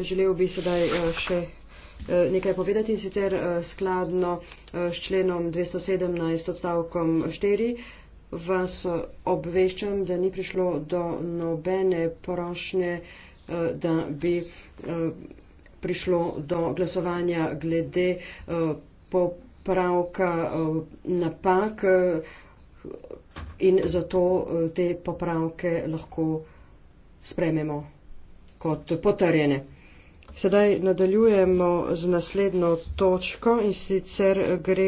Želel bi sedaj eh, še eh, nekaj povedati in sicer eh, skladno s členom 217 odstavkom 4 vas obveščam, da ni prišlo do nobene porošnje, da bi prišlo do glasovanja glede popravka napak in zato te popravke lahko sprememo kot potrjene. Sedaj nadaljujemo z naslednjo točko in sicer gre.